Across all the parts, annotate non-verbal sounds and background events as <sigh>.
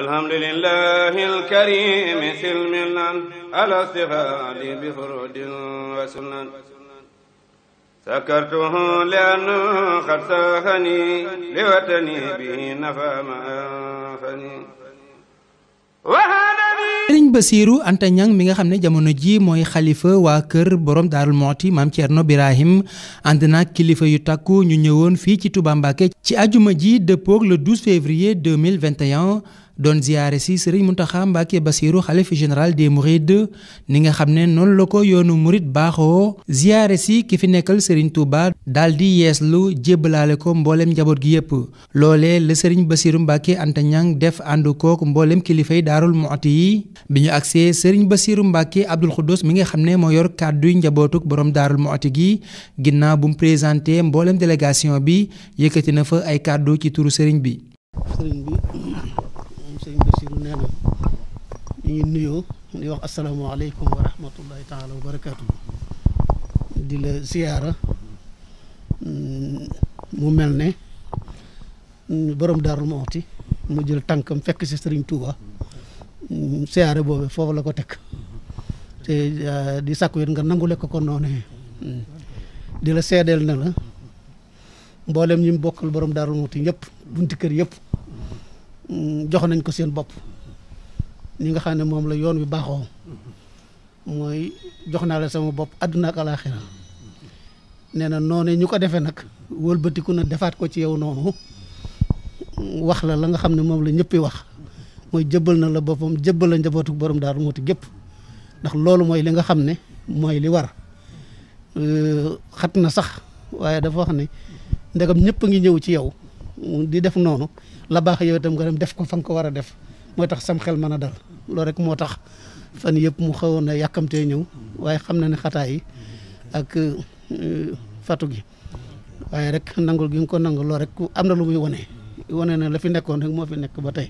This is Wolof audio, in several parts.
الحمد لله الكريم سلمنا على استفادي بفرود وسنن mi nga xam ne jamono ji mooy xalifa waa kër borom Daarul Mooti maam Thierno Birahim kilifa yu takku ñëwoon fii ci Touba ci ajuma ji dëppoog le 12 février 2021 doon ziyaare si sëriñ Muntaxa Mbàkke Basiiru xalifa général des mourides ni nga xam ne noonu la ko yoonu murit baaxoo ziyaare si ki fi nekkal sëriñ Touba daal di lu jébbalaale ko mbooleem njaboot gi yépp loole la sëriñ Basiiru Mbàkke Anta Ñang def ànd kook mbooleem kilifay Daarul Muxti yi bi ñu agsee sëriñ Basiiru Mbàkke Abdul Xuddus mi nga xam ne moo yor kàdduy njabootuk boroom Daarul Muxti gi ginnaaw bu mu présenté mbooleem délégation bi yëkkati na fa ay kàddu ci turu sëriñ bi ñu nuyoo di wax asalaamaaleykum wa rahmatullahi taala wa barakaatu di la ziyaara mm, mu mel ne mm, borom Daaru Muxti mu jël tànkam fekk si Sëriñ Tuuba mm, ziyaara boobe foofu la ko teg te uh, di sàkku yit nga nangule ko ko noonee di la seedeel na la mboolem ñi mu bokkal borom Daaru Muxti ñëpp bunti kër yëpp jox nañ ko seen bopp ni nga xam ne moom la yoon wi baaxoo mooy jox naa la sama bopp àdduna ak alaaxira nee na noonu ñu ko defee nag wëlbatiku na defaat ko ci yow noonu wax la la nga xam ne moom la ñëppi wax mooy jëbbal na la boppam jëbbal la njabootu borom Daaru Muxti gépp ndax loolu mooy li nga xam ne mooy li war euh, xat na sax waaye dafa wax ne ndegam ñëpp a ngi ñëw ci yow di def noonu la baax yow itam nga dem def ko fa nga ko war a def mooy tax sam xel ma a dal loolu rek moo tax fan yépp mu xawoon na yàkkamtee ñëw waaye xam na ne xataa yi ak euh, fatu gi waaye rek nangul gi nga ko nangul loolu rek am na lu muy wane wane na la fi nekkoon rek moo fi nekk ba tey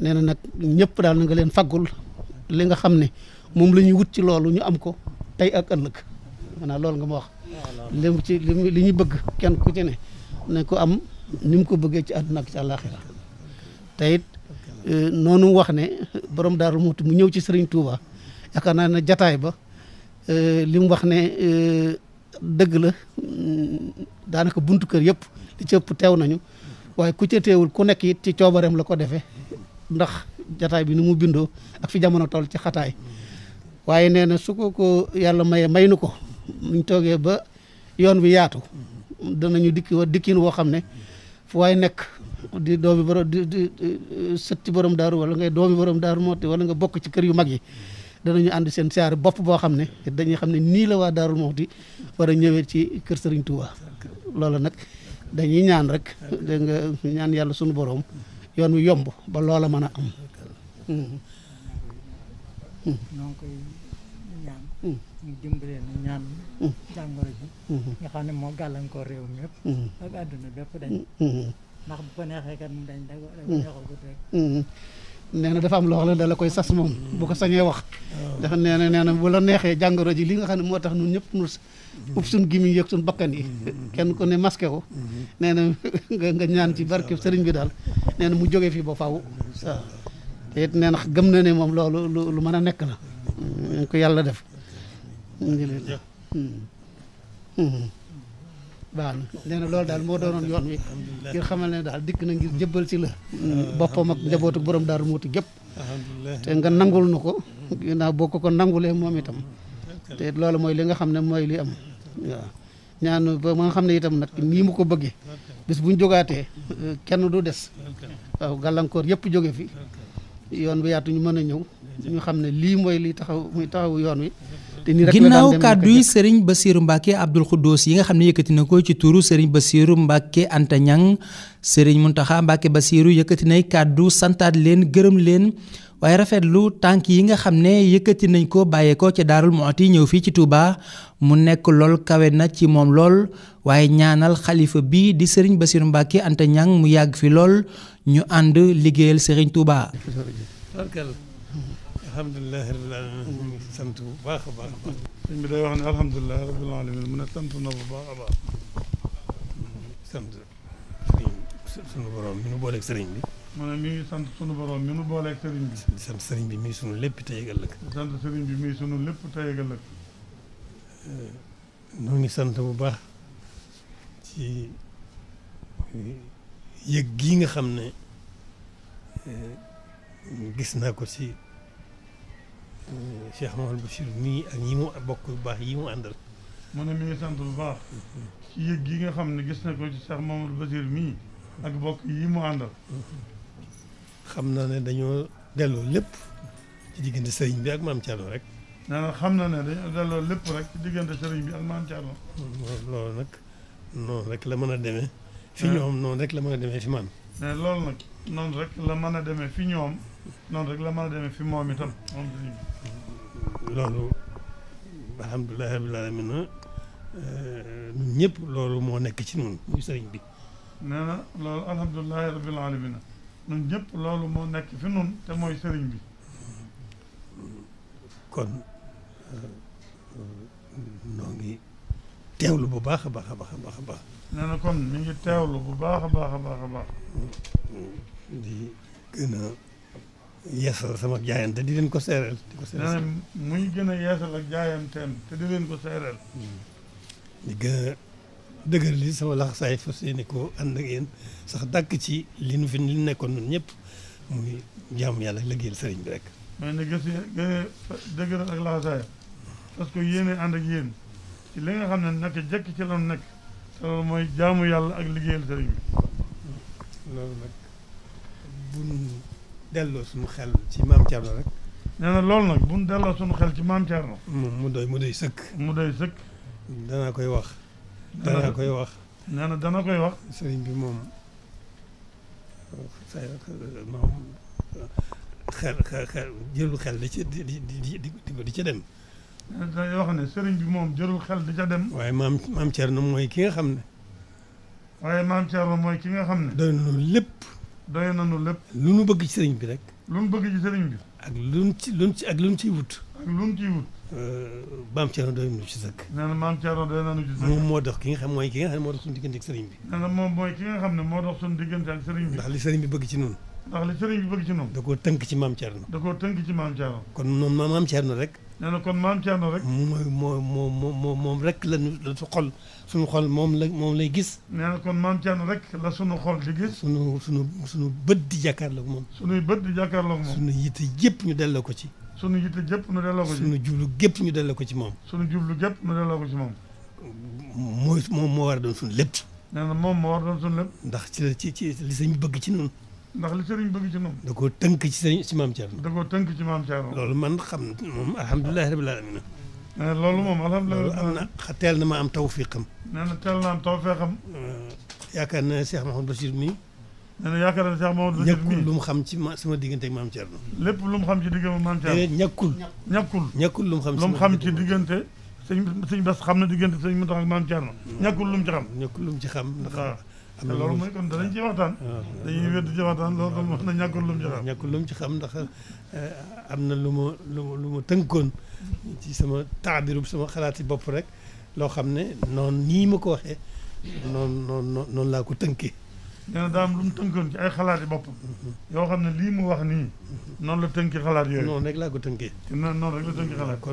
nee na nag ñëpp daal na nga leen faggul li nga xam ne moom la wut ci loolu ñu am ko tey ak ëllëg loolu nga ma wax lim li ñu bëgg kenn ku ci ne na ko am ni ko bëggee ci àdduna ak ci àllaaxira tey it Euh, noonu mu wax ne borom Daaru Muhti mu ñëw ci Serigne Touba yaakaar naa ne jataay ba euh, li mu wax ne euh, dëgg la mm, daanaka bunt kër yëpp li ci teew nañu waaye ku ca ku nekk it ci coobareem la ko defee ndax jataay bi nu mu bindoo ak fi jamono toll ci xataay waaye nee na su ko ko yàlla maye may nu ko muñ toogee ba yoon bi yaatu danañu dikki wa dikkin woo xam ne fu waay nekk di doomi borom di di sët ci daaru wala ngay doomi borom daaru moo te wala nga bokk ci kër yu mag yi danañu ànd seen siyaare bopp boo xam ne dañuy xam ne nii la waa Daaru Muxti di a ñëwee ci kër Serigne Touba loolu nag dañuy ñaan rek dégg nga ñaan yàlla sunu borom yoon wi yomb ba loola man a am. ñoo koy ñaan. Mm. ndax bu ko neexee kat dañ dañ ko mm. mm-hmm. na dafa am loo xam ne la koy sas moom bu ko sañee wax oh. dafa nee na nee na bu la neexee jàngoro ji li nga xam ne moo tax nu ñëpp nu mm-hmm. ub suñ gimiñ yeeg suñ bakkan yi mm-hmm. kenn ko ne masqué ko nee na <laughs> nga ñaan ci barke sëriñ bi daal nee na mu jóge fii ba faw waaw te it na gëm na ne moom loolu lu mën a nekk la ko yàlla def baax na nee loolu daal moo doonoon yoon wi ngir xamal ne daal dikk na ngir jëbbal si la boppam ak njabootu borom daaru muuti gépp te nga nangul nu ko ginnaaw boo ko mooy li nga xam ne mooy li am waaw ñaan ba nga xam ne itam nag nii mu ko bëggee bis buñ jógaatee euh, kenn du des waaw gàllankoor yëpp jóge fi yoon bi yaatu ñu mën a ñëw ñu xam ne lii mooy li taxaw muy taxaw yoon wi te nii rek la ginnaaw kàddu yi Serigne Bassirou Mbacke Abdoul Khoudous yi nga xam ne yëkkati na ko ci tuuru sëriñ Bassirou Mbacke Anta Niang Serigne Mountakha Mbacke Bassirou yëkkati nay kàddu santaat leen gërëm leen waaye rafetlu tànk yi nga xam ne yëkkati nañ ko bàyyeekoo ca Daarul Muhti ñëw fii ci Touba mu nekk lool kawe na ci moom lool waaye ñaanal xalifa bi di sëriñ basiiru Mbacke Anta Niang mu yàgg fi lool ñu ànd liggéeyal Serigne Touba. alhamdulilah rabbil sant bu baax a baax bi day wax alhamdulilah rabbil alamin mu ne sunu borom mi nu booleeg sëriñ bi. mu sant sunu borom mi nu booleeg sëriñ bi. di sant bi sunu lépp tey ak ëllëg. di sant bi mi sunu lépp tey ak ëllëg. ñoo ngi sant bu baax ci yëg nga xam ne eh, gis naa ko ci. Cheikh Mouhamadou Bachir mii ak ñi bokk bu baax yi mu àndal. mu ne mi ngi sant bu baax. ci yëg gi nga xam ne gis na ko ci Cheikh Mouhamadou Bachir mii. ak bokk yi mu àndal. xam na ne dañoo delloo lépp ci diggante sëriñ bi ak maam Thierno rek. nee na xam na ne dañoo lépp rek ci diggante bi ak maam Thierno. loolu nag noonu rek la mën a demee. fi ñoom noonu rek la mën a demee fi man. mais loolu nag noonu rek la mën a demee fi ñoom. noonu rek la mën a demee fi moom itam moom loolu alhamdulilah rabbil alamin euh, ñun ñëpp loolu moo nekk ci ñun muy sëriñ bi. nee na loolu alhamdulilah rabbil alamin ñun ñëpp loolu moo nekk fi ñun sëriñ bi. kon euh, noo ngi teewlu bu baax a baax a baax a baax a nee na kon mi ngi teewlu bu baax a baax a baax a baax. di gën a. yeesal sama jaayante di leen ko seereel di ko seereel muy gën a yeesal ak jaayanteem te di ko seereel hmm. di gën a dëgër li sama laxasaay fas yéene ko ànd ak yéen sax dakk ci li nu fi li nekkoon nun ñëpp muy jaamu yàlla liggéeyal sëriñ bi rek mais ne gës ak ànd ak xam ne naka jëkk mooy jaamu yàlla ak liggéeyal sëriñ bi hmm. delloo suñu xel ci maam Thierno rek. nee na loolu nag bu ñu delloo suñu xel ci maam Thierno. mu mu doy mu doy sëkk. mu doy sëkk. danaa koy wax. danaa koy wax. nee na dana koy wax. sëriñ bi moom moom xel xel xel jëlul xel di ci di di di di ne sëriñ bi moom jërul xel di ca dem. waaye maam maam Thierno mooy ki nga xam ne. waaye maam Thierno mooy ki nga xam ne. doy na lépp. doy nañu lépp. lu nu bëgg ci sëriñ bi rek. lu nu bëgg ci sëriñ bi. ak lu nu ci lu ci ak lu nu ciy wut. ak lu nu ciy wut. Euh, maam Thierno doy nañu ci sëkk. nee na maam Thierno doy nañu ci sëkk. moom moo dox ki nga xam mooy ki nga xam ne moo dox suñu diggante ak sëriñ bi. nee moom mooy ki nga xam ne moo dox suñu diggante ak sëriñ bi. bëgg ci noonu. ndax li ci noonu. da koo tënk ci maam Thierno. da koo tënk ci maam Thierno. kon moom rek nee na kon maam Thierno rek. mooy moo moo moo moom rek la su xol suñu xol moom la moom lay gis. nee kon maam rek suñu xol di suñu suñu suñu bët di jàkkaarloog moom. suñuy bët di jàkkaarloog moom. suñu yitte ñu delloo ko ci. suñu yitte yëpp ñu jublu gépp ñu delloo ko ci moom. suñu jublu gépp ñu delloo ko ci moom. mooy moom moo war a doon suñu lépp. nee moom moo war a doon suñu lépp. ndax ci la ci ci li sëñ bi bëgg ci noonu. ndax li sëriñ bëgg ci moom. da koo tënk ci sëriñ ci maam Thierno. da koo tënk ci maam Thierno. loolu man xam moom alhamdulilah rabbil alamin. Eh, loolu moom alhamdulilah am na xa teel na ma am tawfiqam. nee na teel na am tawfiqam. Eh, yaakaar naa ne Cheikh Mahamadou Bachir mii. nee na yaakaar naa ne Cheikh Mahamadou Bachir mii ñàkkul lu mu xam ci ma sama diggante ak maam Thierno. lépp lu mu xam ci diggante maam Thierno. déedéet eh, ñàkkul. ñàkkul ñàkkul lu mu xam ci lu mu xam ci diggante. sëñ sëñ Bass xam na diggante sëñ Mountakha ak maam Thierno. ñàkkul lu mu ci xam. ñàkkul lu mu ci xam ndax te loolu mooy kon danañ ci waxtaan. Ah, ah. dañuy wedd ci waxtaan loolu kon lu mu ci xam. ñàkkul lu ci xam ndax eh, am na lu ma lu ma tënkoon ci sama taabirub sama xalaati bopp rek loo xam ne noonu nii ma ko waxee noonu noonu noonu laa ko tënkee. nee na daa tënkoon ci ay xalaati bopp mm-hmm. yoo xam ne lii mu wax nii mm-hmm. noonu la tënkee xalaat yooyu. noonu rek laa ko tënkee. noonu noonu rek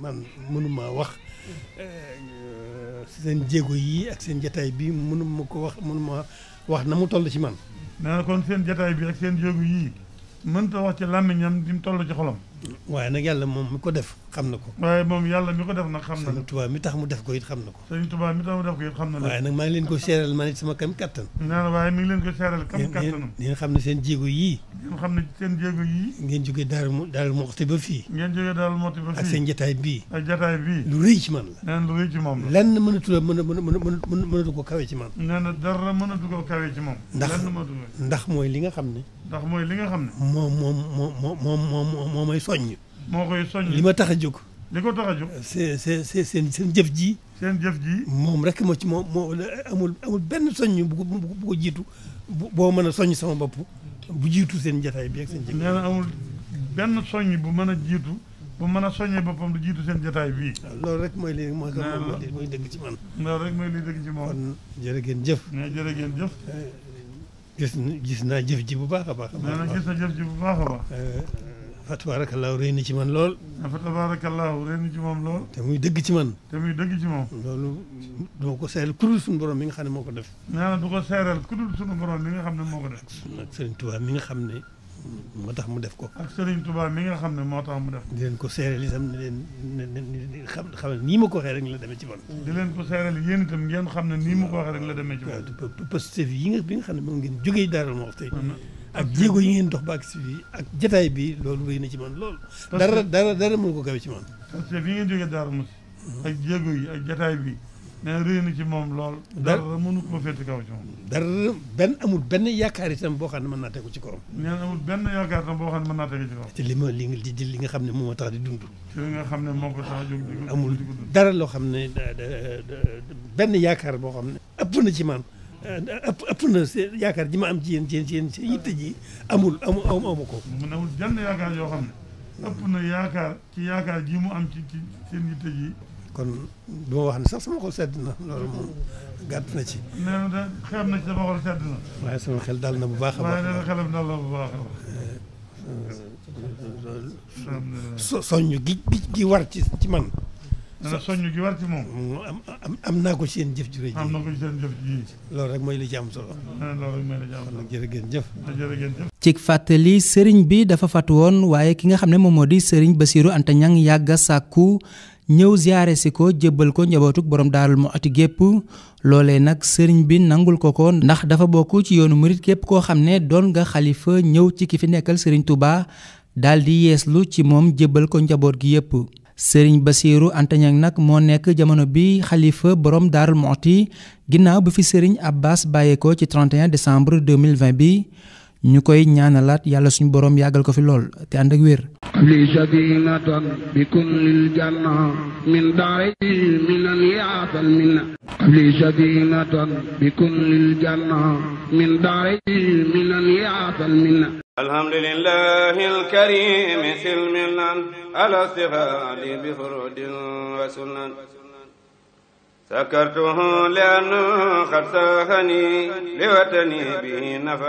man mënumaa wax. Eh, seen jéego yii ak seen jataay bi mënu ma ko wax mënu ma wax na mu toll ci man. nee na kon seen jataay bi ak seen jéego yii mënta wax ci làmmiñam di mu toll ci xolam. waaye nag yàlla moom mi ko def xam na ko waaye moom yàlla mi ko def nag xam na sëñ Tuubaa mi tax mu def ko it xam na ko sëñ Tuubaa mi tax mu def ko it xam na waaye nag maa ngi leen ko seeral man it sama kam kattan nee na waaye mi ngi leen ko seeral kam kattanam ngeen xam ne seen jéego yii ngeen xam ne seen jéego yii ngeen jógee daaru daaru moxti ba fii ngeen jógee daaru moxti ba fii ak seen jataay bii ak jataay bii lu rëy ci man la nee na lu rëy ci moom la lenn mënatu la mën a mën a mën a mënatu ko kawe ci man nee na dara mënatu ko kawe ci moom ndax ndax mooy li nga xam ne ndax mooy li nga xam ne moom moom moom moom moom moom soññ. moo koy soññ li ma tax a jóg. li ko tax a jóg. seen seen seen jëf ji. seen jëf ji moom rek moo ci moo moo amul amul benn soññ bu ko bu jiitu boo mën a soññ sama bopp bu jiitu seen jataay bi ak seen. jëf amul benn soññ bu mën a jiitu. bu mën a soññee boppam du jiitu seen jotaay bii. lool rek mooy li mooy mooy dëgg ci man. loolu rek mooy li dëgg ci moom. kon jërë ngeen jëf. nee jërë ngeen jëf. Eh, gis gis naa jëf ji bu baax a baax. nee a baax. fa tabaarakallaahu rëy na ci man lool. fa tabaarakallaahu na ci moom lool. te dëgg ci man. te muy dëgg ci moom. loolu du ko seeral kudul suñu borom mi nga xam ne moo ko def. nee na du ko kudul suñu borom mi nga xam ne moo ko def. mi nga xam ne moo mu def ko. ak Serigne xam ne moo tax mu def ko. di leen ko la demee ci man. di leen ko seeral yéen itam ngeen xam ne nii ma ko waxee rek ci man. ak jéego yi ngeen dox ba ak si fii ak jataay bi loolu wéy na ci man loolu. dara dara dara mënu ko gawe ci man. parce que bi ngeen jógee Darou Mouhty jataay bi. nee réy na ci moom lool. dara mënu ko féete kaw dara benn amul benn yaakaar itam boo xam ne mën naa tegu ci kawam. nee benn yaakaar boo xam ne mën naa tegu ci kawam. te li ma li nga li nga xam ne moo tax di dund. nga xam ne moo ko tax a jóg di dara loo xam ne benn yaakaar boo xam ne ëpp na ci man ëpp ëpp na yaakaar ji ma am ci yéen ci ci yitte ji amul amu amu ko. mu amul jànn yaakaar yoo xam ne. na yaakaar ci yaakaar ji mu am ci ci seen yitte ji. kon du ma wax na loolu moom gàtt na ci. nee na de xeeb na ci sama sedd na. waaye sama xel dal na bu baax a baax. waaye nee na eh, eh, soññu gi war ci ci man. na soññ am na ko ci jëf ji. mooy li ci am eh, eh, cig fàttali sëriñ bi dafa fatu woon waaye ki nga xam ne moom moo di sëriñ Basiru Anta Ñang yàgg a sàkku ñëw ziare si ko jébbal ko njabootug borom daarul mu ati gépp loolee nag sëriñ bi nangul ko ko ndax dafa bokk ci yoonu murit képp koo xam ne doon nga xalifa ñëw ci ki fi nekkal sëriñ Touba daal di yeeslu ci moom jëbbal ko njaboot gi yépp sëriñ Basiiru Anta Ñaŋ nag moo nekk jamono bi xalifa borom Daarul Muxti ginnaaw bi fi sëriñ Abbas bàyyeekoo ci 31 décembre 2020 bi ñu koy ñaanalaat yàlla suñu boroom yàggal ko fi lool te ànd ak wér li sadinatan bi kun bi kun lil janna min daari minan yaatal minna alhamdulilah alkarimi silmilan ala stihali bi furudin wa sunan sakartuhu lianu xat sahani liwatani bi nafa